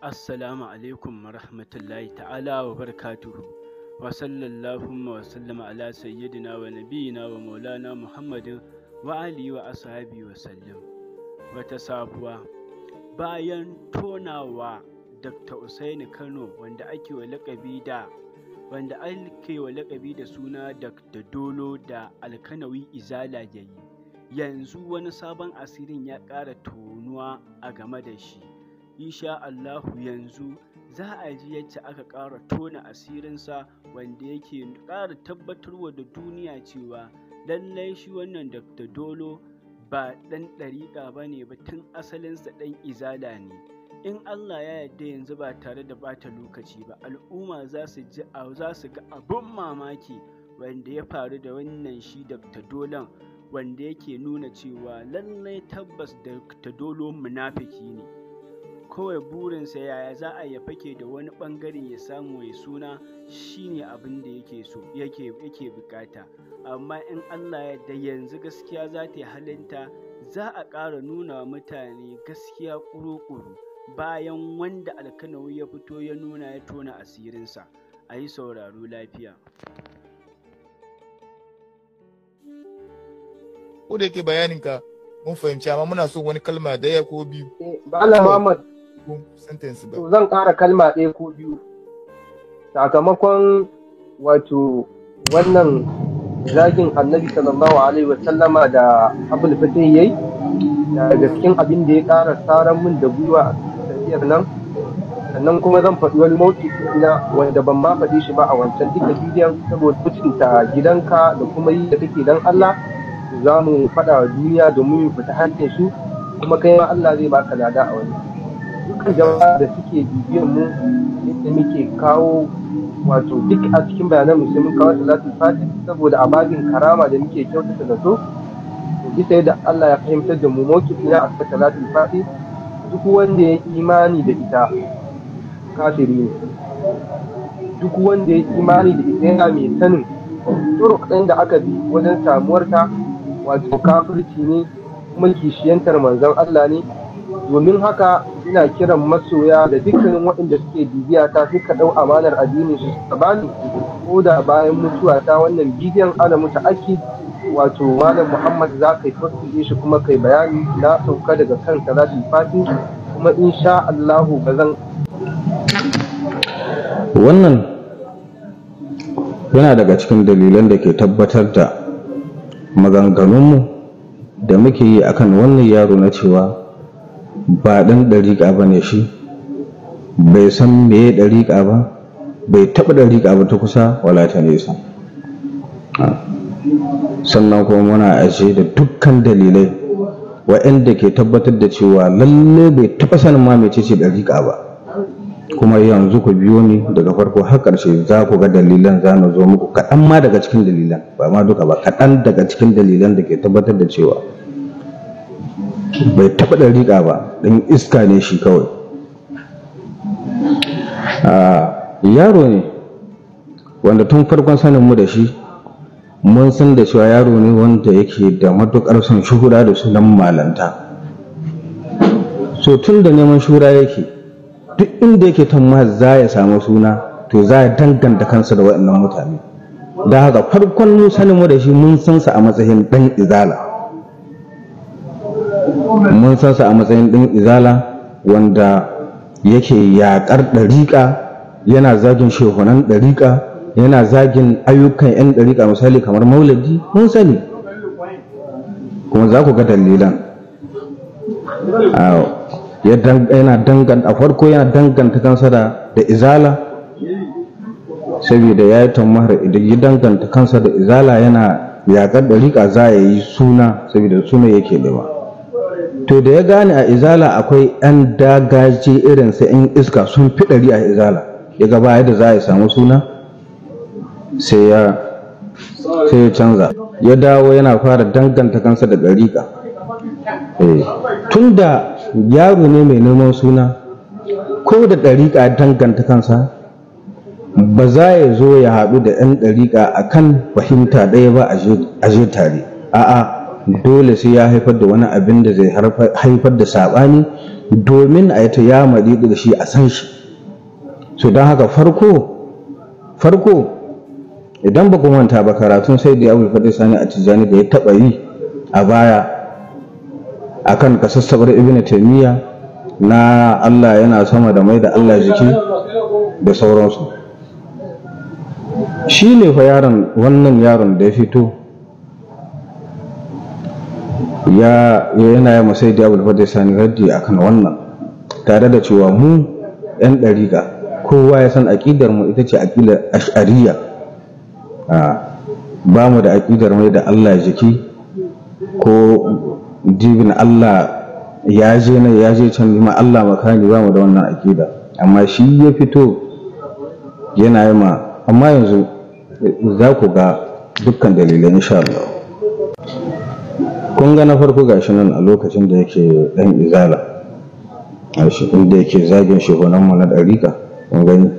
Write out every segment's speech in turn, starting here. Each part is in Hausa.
Assalamu alaikum wa rahmatullahi ta'ala wa barakatuhu wa sallallahu wa sallama ala sayyidina wa nabiyina wa maulana Muhammadin wa alihi wa ashabi wa sallam wata sabuwa bayan tonawa Dr. Usaini Kano wanda ake wa lakabi da wanda ake wa lakabi da suna Dr. Dolo da Alkanawi Izala yayi yanzu wani sabon asirin ya ƙara tonuwa a game da shi insha Allahu yanzu za a ji yadda aka ƙara tona asirinsa wanda yake ƙara tabbatarwa da duniya cewa lallai shi wannan Dr. Dolo ba ɗan ɗariƙa bane ba tun asalinsa ɗan izala ne. In Allah ya yarda yanzu ba tare da bata lokaci ba, al'umma za su ga abun mamaki wanda ya faru da wannan shi Dr. Dolon wanda yake nuna cewa lallai tabbas Dr. Dolo munafiki ne. kawai burinsa yaya za a ya fake da wani bangare ya samu ya suna shine abin da yake so yake bukata amma in Allah da yanzu gaskiya za ta halinta za a ƙara nuna mutane gaskiya kuro-kuro bayan wanda alkanawi ya fito ya nuna ya tona asirinsa a yi sauraro lafiya ko da yake bayaninka mun fahimci amma muna so wani kalma daya ko biyu. Bala eh, Muhammad To zan ƙara kalma ɗaya ko biyu. Sakamakon wato wannan zagin annabi sallallahu alaihi wa sallama da abul fatih yayi daga cikin abin da ya ƙara saran min da gwiwa a tafiyar nan sannan kuma zan faɗi wani mauki na wanda ban ma faɗi shi ba a wancan duka bidiyon saboda mutunta gidanka da kuma yi da take dan Allah za mu faɗa duniya domin mu fita hancin su kuma kai ma Allah zai baka lada a wani dukkan jama'a da suke bibiyar mu yadda muke kawo wato duk a cikin bayanan mu sai mun kawo fati saboda a bagin karama da muke kyautata da so bisa yadda Allah ya fahimtar da mu mawkifi a cikin salatul fati duk wanda ya imani da ita kafiri ne duk wanda ya imani da ita yana mai sanin turuk ɗin da aka bi wajen samuwarta wato kafirci ne kuma kishiyantar manzon Allah ne domin haka ina kiran masoya da dukkanin waɗanda suke bibiya ta suka ɗau amanar addini su suka bani ko da bayan mutuwa ta wannan bidiyon ana muta aki wato malam muhammad za ka yi shi kuma kai bayani na sauka daga kan salatin fati kuma sha allahu ba zan wannan yana daga cikin dalilan da ke tabbatar da maganganunmu da muke yi akan wannan yaro na cewa ba ɗan ɗariƙa ba ne shi bai san me ya ɗariƙa ba bai taɓa ɗariƙa ba ta kusa wala ta nesa sannan kuma muna ajiye da dukkan dalilai waɗanda ke tabbatar da cewa lalle bai taɓa sanin ma mece ce ɗariƙa ba kuma yanzu ku biyo ni daga farko har ƙarshe za ku ga dalilan za na zo muku kaɗan ma daga cikin dalilan ba ma duka ba kaɗan daga cikin dalilan da ke tabbatar da cewa bai taɓa ɗariƙa ba Dan iska ne shi kawai yaro ne wanda tun farkon sanin mu da shi mun san da cewa yaro ne wanda yake da matuƙar son shuhura da sunan malanta so tun da neman shura yake duk inda yake tamma za ya samu suna to za ya danganta kansa da waɗannan mutane da haka farkon sanin mu da shi mun san sa a matsayin ɗan izala mun san sa a matsayin ɗin izala wanda yake yaƙar ɗariƙa yana zagin shehunan ɗariƙa yana zagin ayyukan 'yan ɗariƙa misali kamar maulidi mun sani kuma za ku ga dalilan yana a farko yana danganta kansa da izala saboda ya yi idan yi danganta kansa da izala yana yaƙar ɗariƙa za a yi suna saboda suna yake da ba to da ya gane a izala akwai 'yan dagaji irin su 'yan iska sun fi ɗari a izala Ya gaba yadda za a samu suna sai ya canza ya dawo yana fara danganta kansa da ɗariƙa eh, tun da yaro ne mai neman suna ko da ɗariƙa danganta kansa ba za ya zo ya haɗu da 'yan ɗariƙa a kan fahimta ɗaya ba a je tare a'a dole sai ya haifar da wani abin da zai haifar da saɓani domin a yi ta ya maɗi da shi a san shi so don haka farko farko idan ba manta ba karatun sai da abu faɗi sani a tijjani da ya taɓa yi a baya A kan kasassabar ibn taimiyya na Allah yana sama da mai da Allah jiki da sauransu shi ne fa yaron wannan yaron da ya fito ya yana ya musai da abubuwa da sani raddi kan wannan tare da cewa mu yan ɗariga. kowa ya san aƙidar mu ita ce aƙidar ash'ariya ba mu da aƙidar mai da Allah jiki ko jibin Allah ya je na ya je can ma Allah makani ba mu da wannan aƙida amma shi ya fito yana yi ma amma yanzu za ku ga dukkan dalilai, insha Allah kun ga na farko gashi nan a lokacin da yake dan izala a shi inda yake zagin shugaban mu na dariƙa kun gani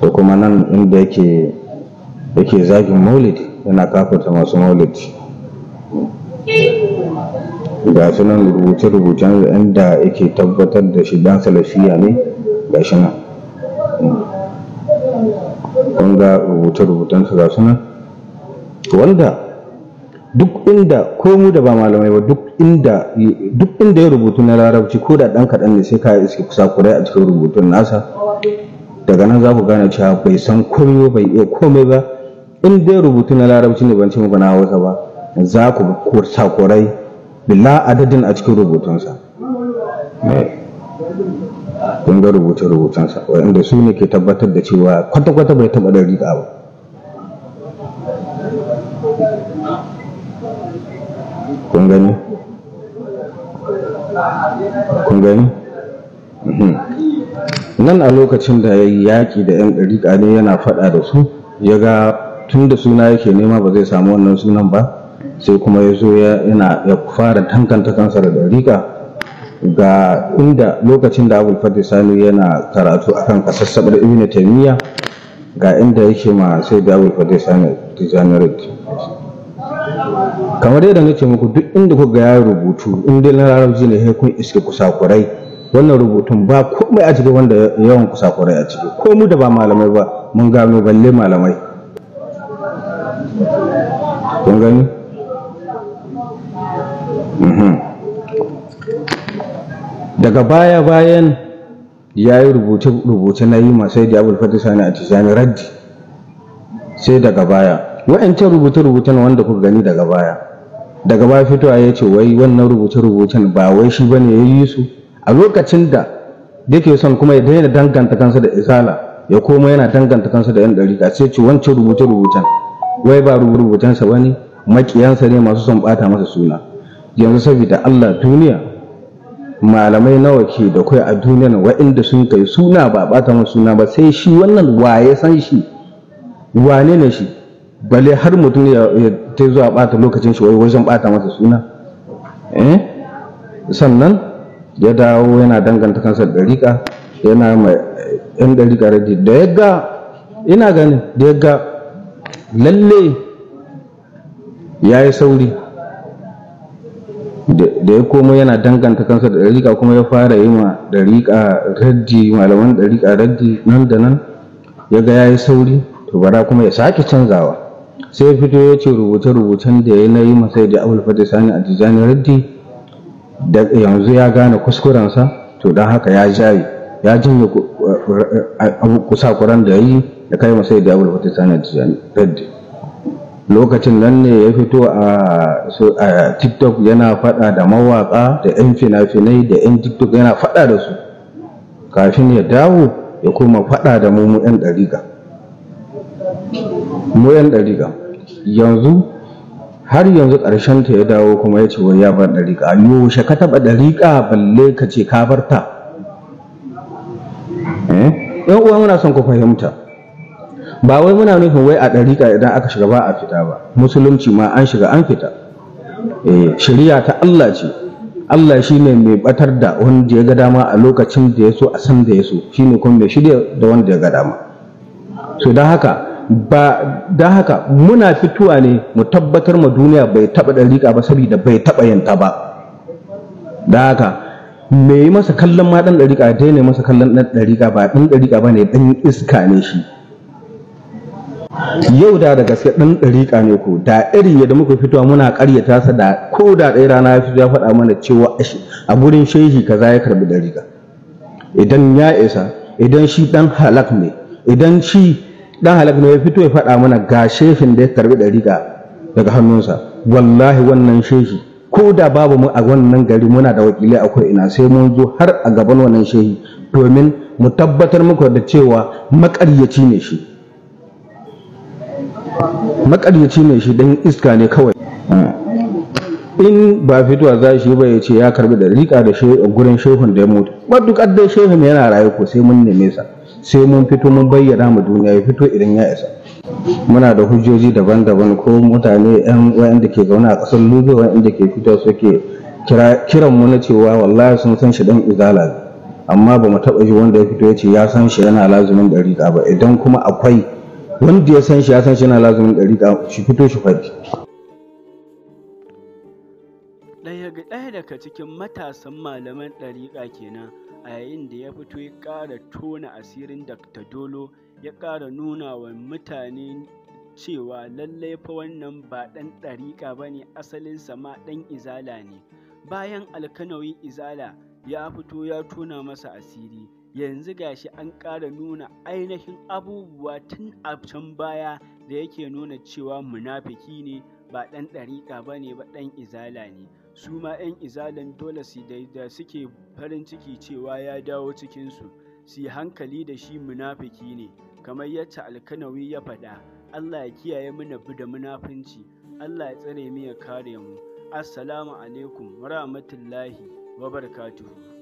da kuma nan inda yake yake zagin maulid yana kafirta masu maulid ga su nan rubuce-rubucen inda yake tabbatar da shi dan salafiya ne ga shi nan kun ga rubuce-rubucen su ga nan wanda duk inda ko mu da ba malamai ba duk inda duk inda ya rubutu na larabci ko da dan kaɗan ne sai ka iske kurai a cikin rubutun nasa daga nan za ku gane cewa bai san komai bai iya komai ba in dai rubutu na larabci ne ban ce muku na hausa ba za ku kurai bila adadin a cikin rubutunsa kun ga rubuce-rubutunsa wanda su ne ke tabbatar da cewa kwata-kwata bai taɓa da riƙa ba kun gani kun gani mhm. nan a lokacin da ya yi yaƙi da 'yan ɗariƙa ne yana faɗa da su ya ga tun da suna yake nema ba zai samu wannan sunan ba sai kuma ya zo yana ya fara tankanta kansa da ɗariƙa ga inda lokacin da abu fadli sani yana karatu akan kasassabar ibina taimiyya ga inda yake ma sai da abu fadli sani tijanirati kamar yadda nake muku duk inda ku ga yayin rubutu in dai na larabci ne sai kun iske kusakurai wannan rubutun ba komai a ciki wanda yawan kusakurai a ciki ko mu da ba malamai ba mun gano balle malamai kun gani mhm. daga baya bayan ya yi rubuce-rubuce na yi masu yadda abul fatih sani a tijani raddi sai daga baya wa'ancan rubuce-rubucen wanda kuka gani daga baya daga baya fitowa ya ce wai wannan rubuce-rubucen ba wai shi bane ya yi su a lokacin da yake son kuma ya daina danganta kansa da isala ya koma yana danganta kansa da yan ɗari, sai ce wancan rubuce-rubucen wai ba rubuce rubucen ba ne makiyansa ne masu son bata masa suna yanzu saboda allah duniya malamai nawa ke da kai a duniyar wa'inda sun kai suna ba bata masa suna ba sai shi wannan waye san shi wane ne shi bale har mutum ya ta zuwa bata lokacin shi wajen bata masa suna Eh sannan ya dawo yana danganta kansa da rika yana mai yan da rika radi da ya ga ina ganin da ya ga lalle ya yi sauri da ya komo yana danganta kansa da rika kuma ya fara yi ma da rika raddi malaman da rika raddi nan da nan ya ga ya yi sauri to bara kuma ya sake canzawa sai fito ya ce rubuce-rubucen da ya yi masai da abul sani a tijjani raddi da yanzu ya gane kuskurensa to don haka ya jaye ya kusa kusakuran da ya yi da kai masai da abul sani a tijjani raddi lokacin nan ne ya fito a tiktok yana fada da mawaka da yan fina-finai da yan tiktok yana fada da su kafin ya dawo ya koma fada da mu 'yan dariga moyan yan ɗariƙa yanzu har yanzu ƙarshen ta ya dawo kuma ya ce wai ya bar ɗariƙa yaushe ka taɓa ɗariƙa balle ka ce ka bar ta eh? yan uwa muna son ku fahimta ba wai muna nufin wai a ɗariƙa idan aka shiga ba a fita ba musulunci ma an shiga an fita eh, shari'a ta Allah ce Allah shi ne mai batar da wanda ya ga dama a lokacin da ya so a san da ya so shi ne kuma mai shirya da wanda ya ga dama so don haka ba don haka muna fituwa ne mu tabbatar ma duniya bai taɓa ɗariƙa ba saboda bai taɓa yanta ba don haka me yi masa kallon ma ɗan ɗariƙa ne masa kallon ɗan ɗariƙa ba ɗan ɗariƙa ba ne ɗan iska ne shi yau da da gaske ɗan ɗariƙa ne ko da irin yadda muka fitowa muna ƙaryata sa da ko da ɗaya rana ya fito ya faɗa mana cewa a gurin shehi kaza ya karbi ɗariƙa idan ya isa idan shi ɗan halak ne idan shi dan halak ne ya fito ya faɗa mana ga shehin da ya karbi riga daga hannunsa wallahi wannan shehi ko da babu mu a wannan gari muna da wakili akwai ina sai mun zo har a gaban wannan shehi domin mu tabbatar muku da cewa maƙaryaci ne shi maƙaryaci ne shi dan iska ne kawai in ba fitowa za shi ba ya ce ya karbi da riƙa da gurin shehun da ya mutu ba duk addai shehun yana raye ko sai mun neme sa sai mun fito mun bayyana mu duniya ya fito idan ya isa muna da hujjoji daban-daban ko mutane yan wayanda ke zaune a ƙasar lube wayanda ke fito suke kiran mu na cewa wallahi sun san shi dan izala amma ba mu taɓa ji wanda ya fito ya ce ya san shi yana lazumin ɗari ba idan kuma akwai wanda ya san shi ya san shi yana lazumin ɗari shi fito shi faɗi ɗaya daga cikin matasan malaman ɗariƙa kenan a yayin da ya fito ya ƙara tona asirin Dr. Dolo ya ƙara nuna wa mutane cewa lallai fa wannan ba ɗan ɗariƙa ba ne asalinsa ma ɗan izala ne. Bayan alkanawi izala ya fito ya tona masa asiri yanzu gashi an ƙara nuna ainihin abubuwa tun a can baya da yake nuna cewa munafiki ne ba ɗan ɗariƙa ba ne ba ɗan izala ne su ma 'yan izalan dole su da suke farin ciki cewa ya dawo cikinsu su yi hankali da shi munafiki ne kamar yadda alkanawi ya faɗa allah ya kiyaye mana da munafunci allah ya tsare mu ya kare mu assalamu alaikum wa rahmatullahi wa barakatuhu